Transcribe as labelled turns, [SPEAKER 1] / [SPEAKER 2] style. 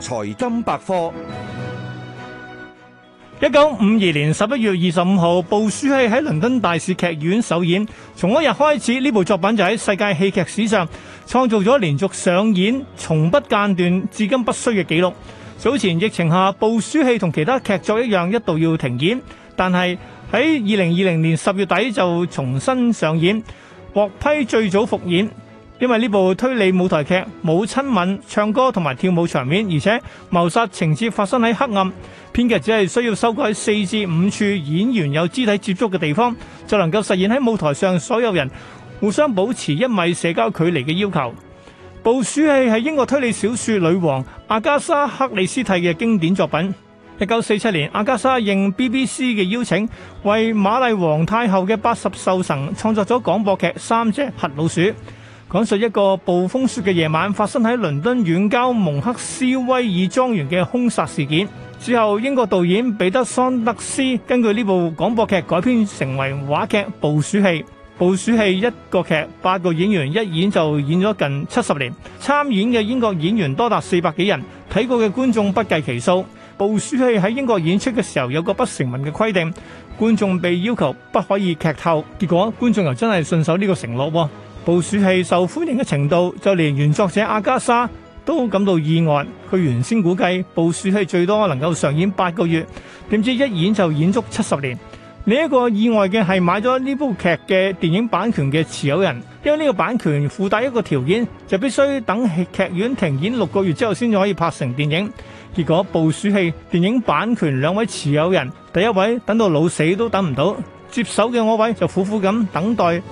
[SPEAKER 1] 財經百科。一九五二年十一月二十五號，《捕鼠器》喺倫敦大使劇院首演。從嗰日開始，呢部作品就喺世界戲劇史上創造咗連續上演、從不間斷至今不衰嘅紀錄。早前疫情下，《捕鼠器》同其他劇作一樣一度要停演，但係喺二零二零年十月底就重新上演，獲批最早復演。因為呢部推理舞台劇冇親吻、唱歌同埋跳舞場面，而且謀殺情節發生喺黑暗，編劇只係需要修改四至五處演員有肢體接觸嘅地方，就能夠實現喺舞台上所有人互相保持一米社交距離嘅要求。《捕鼠器》係英國推理小説女王阿加莎·克里斯蒂嘅經典作品。一九四七年，阿加莎應 BBC 嘅邀請，為瑪麗皇太后嘅八十壽辰創作咗廣播劇《三隻黑老鼠》。講述一個暴風雪嘅夜晚發生喺倫敦遠郊蒙克斯威爾莊園嘅兇殺事件。之後，英國導演彼得桑德斯根據呢部廣播劇改編成為話劇《捕鼠器》。《捕鼠器》一個劇，八個演員一演就演咗近七十年，參演嘅英國演員多達四百幾人，睇過嘅觀眾不計其數。捕鼠器》喺英國演出嘅時候有個不成文嘅規定，觀眾被要求不可以劇透。結果觀眾又真係信守呢個承諾。《捕鼠器》受歡迎嘅程度，就連原作者阿加莎都感到意外。佢原先估計《捕鼠器》最多能夠上演八個月，點知一演就演足七十年。另一個意外嘅係買咗呢部劇嘅電影版權嘅持有人，因為呢個版權附帶一個條件，就必須等戲劇院停演六個月之後先至可以拍成電影。結果《捕鼠戲》電影版權兩位持有人，第一位等到老死都等唔到，接手嘅我位就苦苦咁等待。